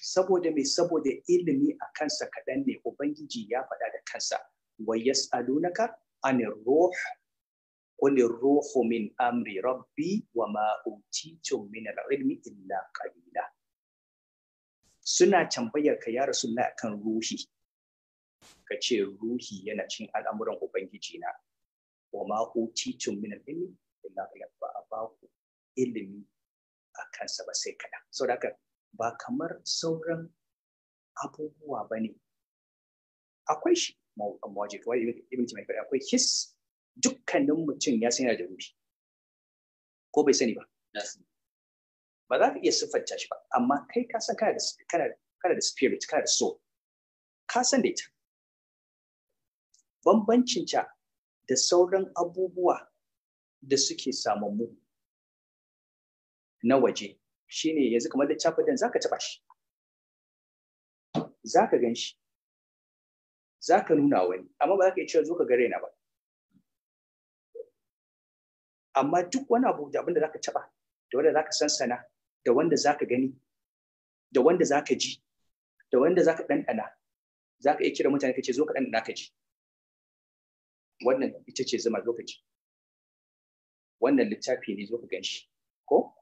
Speaker 1: saboda mai saboda ilimi a kansa kaɗan ne ubangiji ya faɗa da kansa wa yas'alunaka anir ruh qul ruhu min amri rabbi wa ma utitum min al-ilmi illa qalila suna tambayar ka ya rasulullah akan ruhi ka ce ruhi yana cin al'amuran ubangiji na wa ma utitum min al-ilmi illa qalila ba a ba ku ilimi a kansa ba sai kaɗan saboda haka ba kamar sauran abubuwa ba ne akwai shi mawajik wani ibn timai akwai his dukkanin mutum ya san da ruhi ko bai sani ba ba za ka iya siffanta shi ba amma kai ka san kana da da spirit kana da soul ka san da ita bambancin ta da sauran abubuwa da suke samammu na waje shine yanzu kamar da littafin dan ka taba shi zaka gan shi zaka nuna wani amma ba za ka iya cewa zo ka ga raina ba amma duk wani abu da abin da zaka taba da wanda zaka sansana da wanda zaka gani da wanda zaka ji da wanda zaka ɗanɗana zaka iya kira mutane kace zo ka ɗanɗana ka ji wannan ita ce zama lokaci wannan littafi ne zo ka ganshi, ko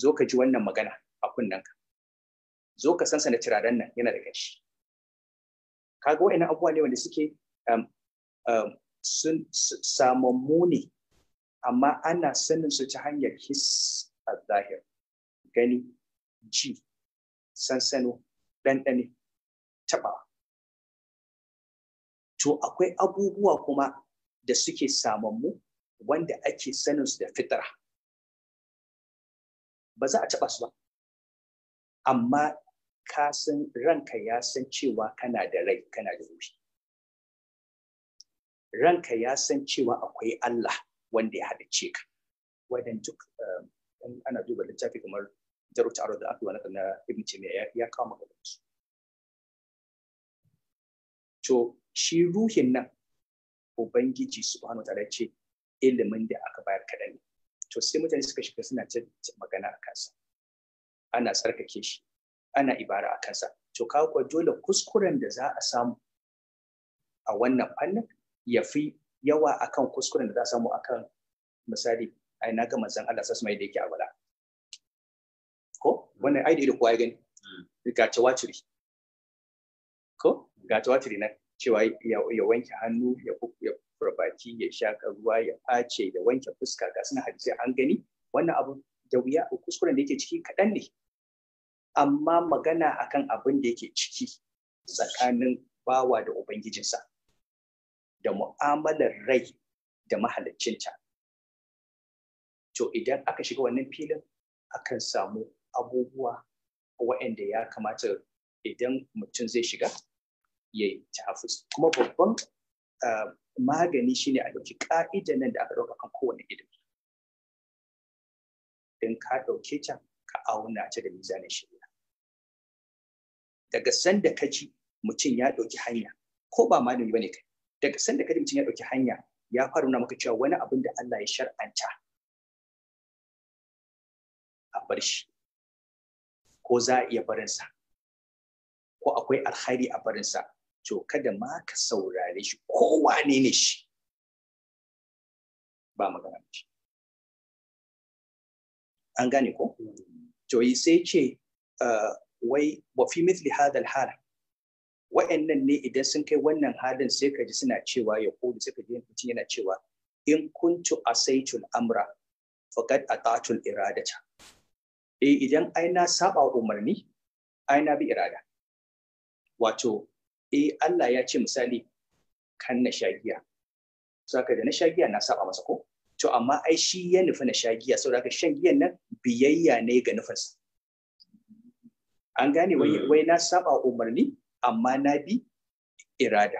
Speaker 1: zo ka ji wannan magana a kunnanka zo ka sansana turaren nan yana da ganshi kaga wa'annan abubuwa ne wanda suke um, um, sun samammu ne amma ana sanin su ta hanyar his al-zahir gani ji sansano ɗanɗane taɓa to akwai abubuwa kuma da suke samanmu wanda ake sanin su da fitara ba za a taɓa su ba amma ka san ranka ya san cewa kana da rai kana da ruhi ranka ya san cewa akwai Allah wanda ya ce ka wadan duk um, ana duba littafi kamar jaru ta'arud da aka na ibn cemiya ya kawo ga wasu. to shi ruhin nan ubangiji subhanahu wataala ce ilimin da aka bayar kaɗan ne to sai mutane suka shiga suna ta magana a kansa ana tsarkake shi ana ibara a kansa to kawo dole kuskuren da za a samu a wannan fannin ya fi yawa akan kuskuren da za samu akan misali ai na ga manzon Allah mai da yake abala ko wannan ai da ido kowa ya gani hmm. ga ciri ko ga ciri na cewa ya wanke hannu ya ya baki ya shaka ruwa ya face ya wanke fuska ga suna hadisai an gani wannan abu da wuya kuskuren da yake ciki kaɗan ne amma magana akan abin da yake ciki tsakanin bawa da ubangijinsa da mu'amalar rai da mahalaccinta. To idan aka shiga wannan filin akan samu abubuwa waɗanda ya kamata idan mutum zai shiga ya yi Kuma babban magani shine a ɗauki ƙa'ida nan da aka ɗauka kan kowane ilimi. Idan ka ɗauke ta ka auna ta da mizanin shari'a. Daga sanda ka ji mutum ya ɗauki hanya ko ba malami ba ne kai daga sanda kada mutum ya ɗauki hanya ya fara nuna maka cewa wani abin da Allah ya shar'anta a bar shi ko za a iya barinsa ko akwai alhari a barinsa to kada ma ka saurare shi ko wane ne shi ba magana ba an gane ko hmm. to yi sai ce ah, wai wa fi mithli hadal hal wa'annan ne idan sun kai wannan halin sai ka ji suna cewa ya kodi sai ka ji mutum yana cewa in kuntu asaitul amra faqad atatul iradata eh idan ai na saba umarni ai na bi irada wato eh Allah ya ce misali kan na shagiya saka da na shagiya na saba masa ko to amma ai shi ya nufi na shagiya saboda haka shan giyan nan biyayya ne ga nufinsa an gane wai hmm. na saba umarni amma na bi irada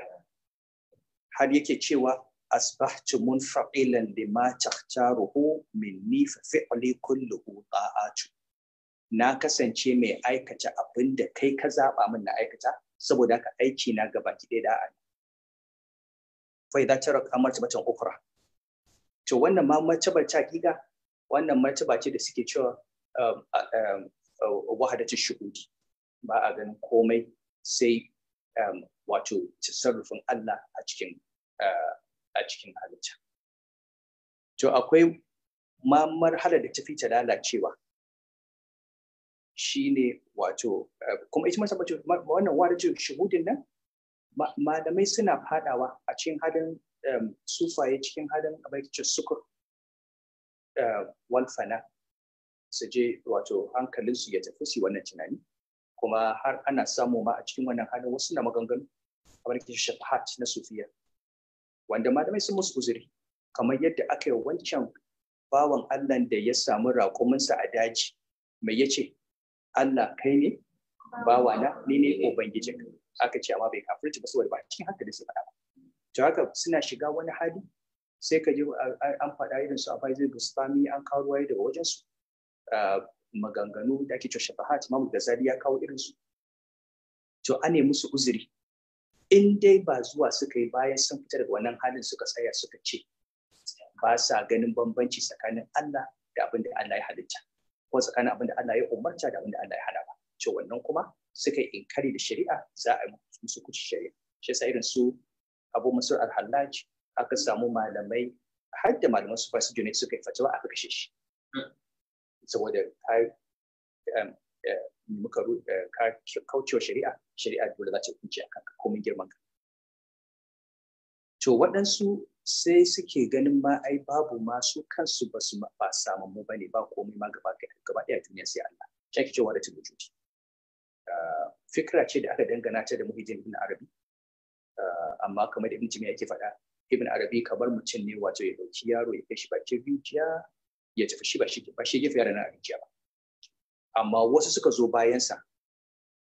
Speaker 1: har yake cewa asbahtu munfaqilan lima tahtaruhu minni fa fi'li kulluhu ta'atu na kasance mai aikata abin da kai ka zaba min na aikata saboda haka aiki na gaba ki da da'a fa idza taraka martabatan ukhra to wannan ma martabar ta kika wannan martaba ce da suke cewa um, um, uh, ta shuhudi ba a ganin komai sai um, wato tasarrufin Allah a cikin uh, a cikin halitta to akwai ma marhala da tafi ta lalacewa shine wato uh, kuma ita masa wannan ce shuhudin nan malamai suna fadawa a cikin hadin um, sufaye cikin hadin abaikacin sukur uh, walfana su je wato hankalinsu ya tafi su wannan tunani kuma har ana samu ma a cikin wannan halin wasu na maganganu a ke shafahat na sufiya wanda malamai sun musu uzuri kamar yadda aka yi wancan bawan Allah da ya samu raƙuminsa a daji mai yace Allah kai ne bawana ni ne ubangijin aka ce amma bai kafirci ba saboda ba cikin haka da su faɗa ba to haka suna shiga wani hali sai ka je an faɗa irin su a Faizil Bustami an kawo ruwaye daga wajen su ah, maganganu da ake cewa shafahat Imam Ghazali ya kawo irin su to a ne musu uzuri in dai ba zuwa suka yi bayan sun fita daga wannan halin suka tsaya suka ce ba sa ganin bambanci tsakanin Allah da abin da Allah ya halitta ko tsakanin abin da Allah ya umarta da abin da Allah ya hana ba to wannan kuma suka yi inkari da shari'a za a yi musu kuci shari'a shi yasa irin su Abu Mas'ud al-Hallaj aka samu malamai har da malaman su ne suka yi fatawa aka kashe shi saboda ka um, um, muka eh, ka kaucewa shari'a shari'a dole za ta hukunci akan ka komai girman ka to waɗansu sai suke ganin ma ai babu ma kansu ba su ba samu mu bane ba komai ma gaba gaba ɗaya duniya sai Allah shi ki cewa da tulujudi ah, fikra ce da aka dangana ta da muhijin ibn arabi ah, amma kamar da ibn jimiya yake faɗa ibn arabi kamar mutum ne wato ya dauki yaro ya kai shi bakin rijiya ya tafi shi ba shi ba shi gefe yaran a rijiya ba amma wasu suka zo bayansa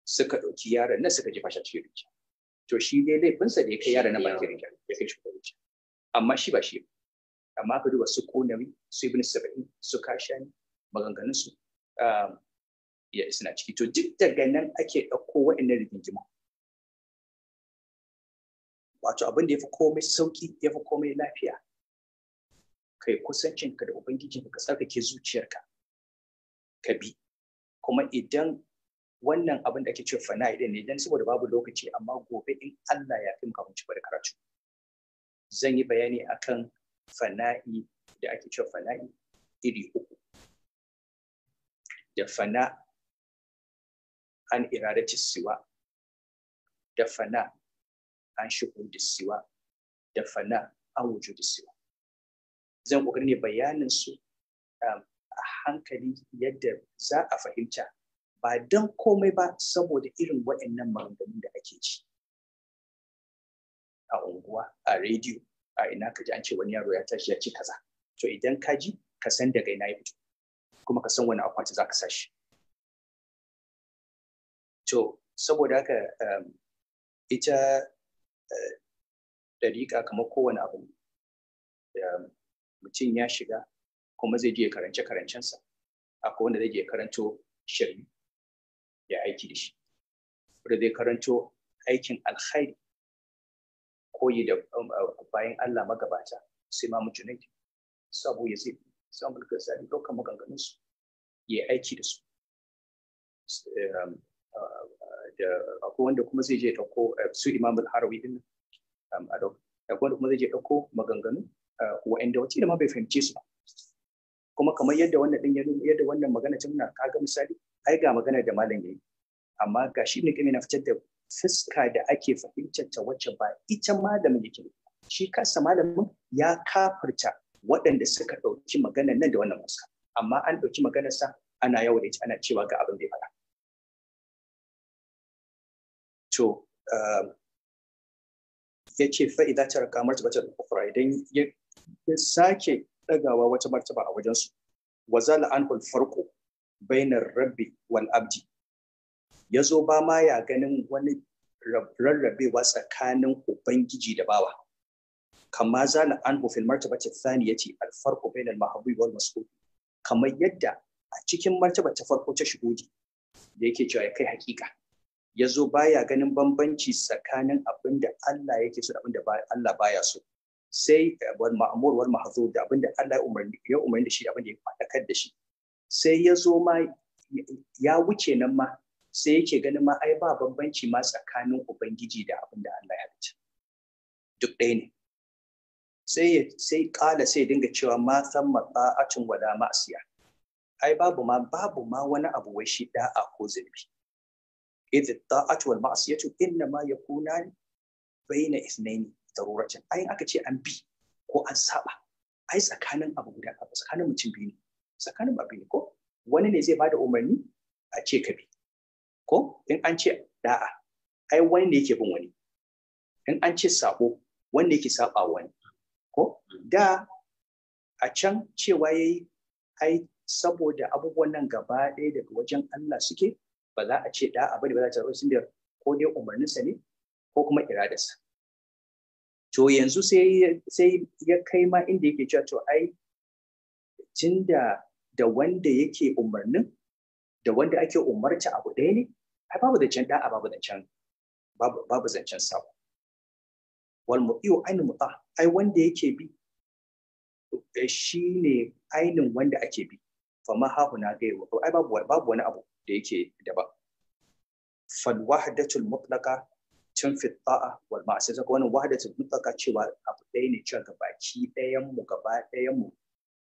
Speaker 1: suka ɗauki yaran nan suka jefa shi a cikin rijiya to shi dai laifinsa da ya kai yaran nan bakin rijiya ya kai shi rijiya amma shi ba shi ba amma ka duba su konawi su ibn saba'in su kashani maganganun su um, ya suna ciki to duk daga nan ake ɗauko wa'annan rigingimu wato abin da ya fi komai sauki ya fi komai lafiya kai kusancinka da ubangiji ka tsarkake zuciyarka ka bi kuma idan wannan abin da ake ce fana din ne dan saboda babu lokaci amma gobe in Allah ya fi mu ci bari karatu zan yi bayani akan fana'i da ake ce fana'i iri uku da fana an iradati siwa da fana an da siwa da fana an wujudi siwa zan ƙoƙari ne bayanin su um, a hankali yadda za a fahimta ba don komai ba saboda irin waɗannan maganganun da ake ci a unguwa a rediyo a ina ka ji an ce wani yaro ya tashi ya ci kaza to idan ka ji ka san daga ina ya fito kuma ka san wani akwati za ka sa shi to saboda haka um, ita eh, ɗariƙa kamar kowane abu um, mutum ya shiga kuma zai je karance karancensa akwai wanda zai je karanto shirin ya aiki da shi wanda zai karanto aikin alkhairi koyi da um, uh, bayan Allah magabata sai ma mujunaid sabu ya zai samu da sani ɗaukar maganganun su ya aiki da su um, uh, da akwai wanda kuma zai je dauko uh, su imam al-harawi din nan um, a ɗauko wanda kuma zai je ɗauko maganganun wa'anda da ma bai fahimce su ba kuma kamar yadda wannan din yadda wannan magana ta nuna kaga misali ai ga magana da malam yayi amma ga shi ne na fitar da fuska da ake fahimtar ta wacce ba ita malamin yake shi kansa malamin ya kafirta waɗanda suka ɗauki maganar nan da wannan fuska amma an ɗauki maganarsa ana yawo da ita ana cewa ga abin da ya faɗa to eh, ya ce za ta raka martabatar ukura idan ya sake ɗagawa wata martaba a wajensu wa zala an farko bainar rabbi wal abdi ya zo ba ma ya ganin wani rarrabewa tsakanin ubangiji da bawa kama zala an fil ya ce al farko bainal mahbubi wal masbub kamar yadda a cikin martaba ta farko ta shuhudi da yake cewa ya kai hakika ya zo baya ganin bambanci tsakanin abinda da Allah yake so da abin Allah baya so sai wani ma'amur wani mahazo da abinda Allah ya umarni umarni da shi abinda ya fadakar da shi sai ya zo ma ya wuce nan ma sai yake ganin ma ai ba bambanci ma tsakanin ubangiji da abinda Allah ya halicci duk ɗaya ne sai sai kala sai dinga cewa ma san matsa'atun wada ma'asiya ai babu ma babu ma wani abu wai shi da'a ko zulmi idh ta'atu wal ma'asiyatu inna ma yakuna baina ithnaini daruracin ai aka ce an bi ko an saba ai tsakanin abu guda abu tsakanin mutum biyu ne tsakanin abu ne ko wani ne zai bada umarni a ce ka bi ko in an ce da'a ai wani ne yake bin wani in an ce sabo wani ne yake saba wani ko da a can cewa yayi ai saboda abubuwan nan gaba ɗaya daga wajen Allah suke ba za a ce da'a bane ba za a ce sun ko dai umarninsa ne ko kuma iradarsa to yanzu sai sai ya kai ma inda yake cewa to ai tunda da wanda yake umarnin da wanda ake umarta abu ɗaya ne ai babu zancen da'a babu zancen babu zancen sabo wal mu'iyu ainihin muta ai wanda yake bi eh, shi ne ainin wanda ake bi Fa ma fama hahuna gaiwa ai babu wani abu da yake daban fal wahdatul mutlaqa can fita'a wal ma'asi wani wannan wahdatul mutlaqa cewa abu ɗaya ne cewa gaba ki ɗayan mu gaba ɗayan mu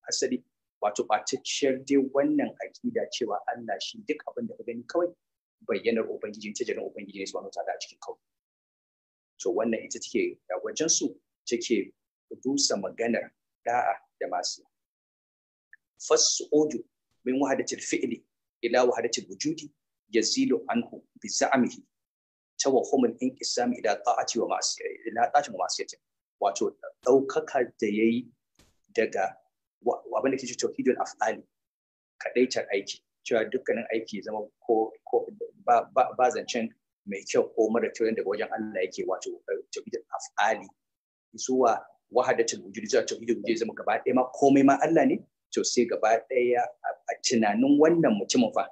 Speaker 1: asali wato ɓatacciyar dai wannan aƙida cewa Allah shi duk abin da ka gani kawai bayyanar ubangiji ta jirin ubangiji ne subhanahu ta'ala a cikin kawai to wannan ita take da wajen su take dusa maganar da'a da masu fas'udu min wahdatil fi'li ila wahdatil wujudi yazilu anhu bi za'mihi tawahhumin din islam ila ta'ati wa ma'siyati ila ta'ati wa ma'siyati wato daukakar da yayi daga abin da ke ce tauhidul af'ali kadaitar aiki cewa dukkanin aiki zama ko ko ba ba zancen mai kyau ko mara kyau daga wajen Allah yake wato eh, tauhidul af'ali zuwa wahadatul wujud zuwa tauhidul wujud zama gaba ɗaya ma komai ma Allah ne to sai gaba ɗaya a tunanin wannan mutumin fa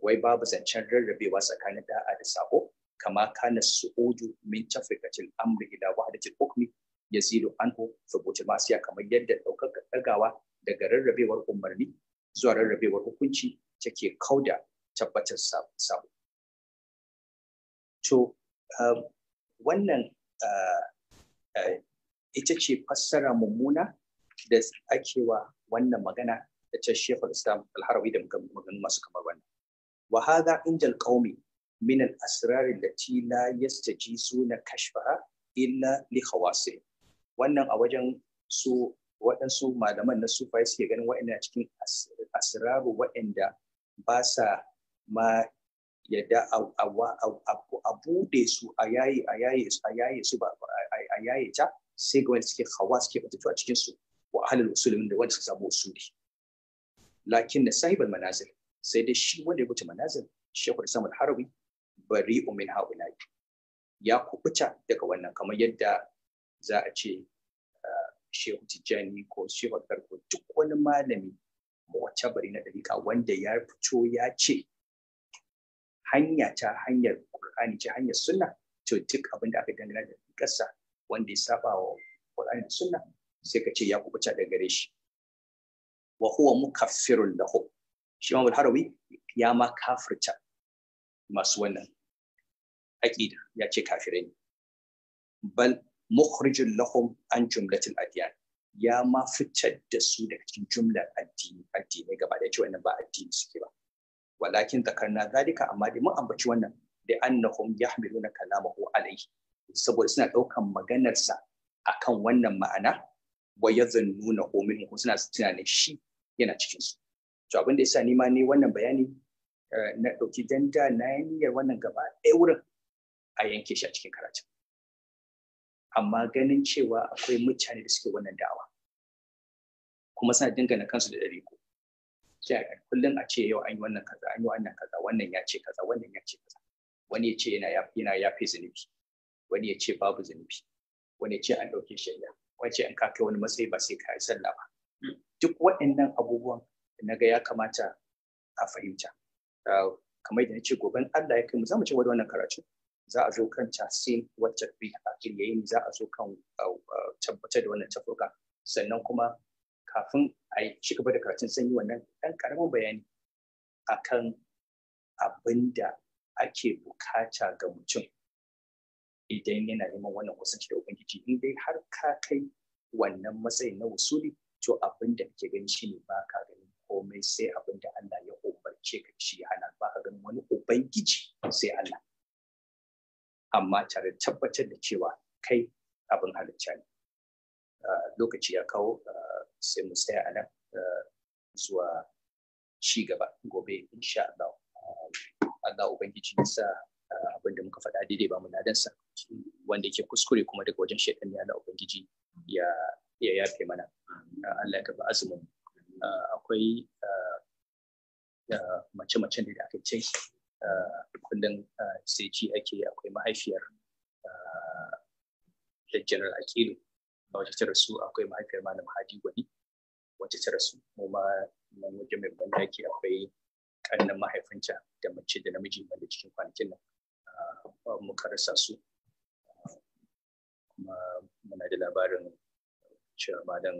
Speaker 1: wai babu zancen rarrabewa tsakanin da'a da sako kama kana su'udu min tafrikatil amri ila wahdatil hukmi Yazidu, anhu thubuti masiya kamar yadda daukar dagawa daga rarrabewar umarni zuwa rarrabewar hukunci take kauda tabbatar sabo to um, wannan uh, uh, ita ce fassara mummuna da ake wa wannan magana da ta shekul islam alharawi da maganganu masu kamar wannan wa hadha indal qaumi min al-asrar allati la yastajisuna kashfaha illa li wannan a wajen su waɗansu malaman na sufai suke ganin waɗanda cikin asraru waɗanda ba sa ma yadda a buɗe su a yayi a yayi a yayi su ba a yayi ta sai ga wanda suke hawa suke fitattu a cikin su wa ahlul usul da wanda suka samu usuli lakin na sahibal manazil sai dai shi wanda ya wuce manazil shekul islam al-harawi bari'u min ha'ulai ya kubuta daga wannan kamar yadda za a ce ah, shehu tijjani ko shehu farko duk wani malami wacce bari na dariƙa wanda ya fito ya ce hanya ta hanyar ƙur'ani ce hanyar sunna to duk abin da aka dangana da ƙasa wanda ya saba wa ƙur'ani da sunna sai ka ce ya kubuta daga gare shi wa huwa mukaffirun lahu shi ma harawi ya ma kafirta masu wannan aƙida ya ce kafirai ne bal mukhrijul lahum an jumlatul adyan ya ma fitar da su daga cikin jumlar addini addini gaba da cewa ba addini suke ba walakin zakarna zalika amma dai mun ambaci wannan da annahum yahmiluna kalamahu alayhi saboda suna ɗaukan maganarsa akan wannan ma'ana wa yazannuna ko suna tunanin shi yana cikin su to abin da yasa ni ma ne wannan bayani Eh, na ɗauki danda na yi niyyar wannan gaba ɗaya wurin a yanke shi a cikin karatu. amma ganin cewa akwai mutane da suke wannan da'awa kuma suna dingana kansu da ɗariƙo kullum a ce yau an yi wannan kaza an yi wannan kaza wannan ya ce kaza wannan ya ce kaza wani ya ce yana yafe zunubi wani ya ce babu zunubi wani ya ce an ɗauke shari'a wani ce an ka wani matsayi ba sai ka yi sallah ba duk waɗannan abubuwan na ga ya kamata a fahimta Uh, kamar da nace goben Allah ya kai mu za mu ci gaba wannan karatu za a zo kan tasin wacce bi a kiryayin za a zo kan uh, uh, tabbatar da wannan tafuka sannan kuma kafin a yi ci gaba da karatun sanyi wannan ɗan karamin bayani akan abin da ake bukata ga mutum idan yana neman wannan kusanci da ubangiji in dai har ka kai wannan matsayin na wasuli to abin da gani shine ba ka komai sai abin da Allah ya ce ka ci halal ba ka ganin wani ubangiji sai Allah amma tare tabbatar da cewa kai abin halitta ne ah, lokaci ya kawo ah, sai mu tsaya a nan ah, zuwa ci gaba gobe insha Allah Allah ubangiji ya sa abin da muka faɗa daidai ba mu ladansa wanda yake kuskure kuma daga wajen shaɗan ne Allah ubangiji ya ya yafe mana Allah ya karɓi azumin akwai mace-macen da aka ce eh, kullum eh, sai ci ake akwai mahaifiyar eh, da general akilu wacce ta rasu akwai mahaifiyar malam hadi gwani wacce ta rasu ma nan wajen mai ke akwai kannan mahaifinta da mace da namiji wanda cikin kwanakin nan muka rasa su kuma muna da labarin cewa malam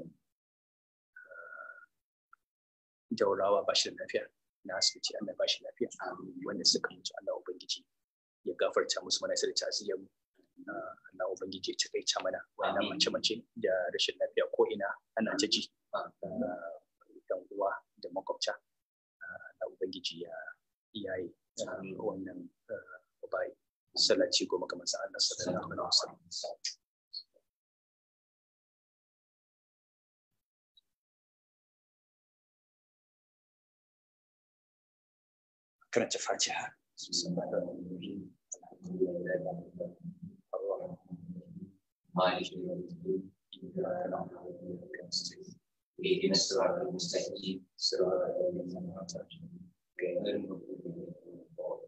Speaker 1: jaurawa ba shi da lafiya na asibiti Allah ba shi lafiya wanda suka mutu Allah ubangiji ya gafarta musu mana sai tasiyar Allah ubangiji ya ita mana wannan mace mace da rashin lafiya ko ina ana ta ji dan uwa da makwabta Allah ubangiji ya iyaye wannan eh, bayi salati goma kamar sa Allah sallallahu alaihi wasallam karanta fatiha اهدنا الصراط المستقيم صراط الذين انعمت عليهم غير المغضوب عليهم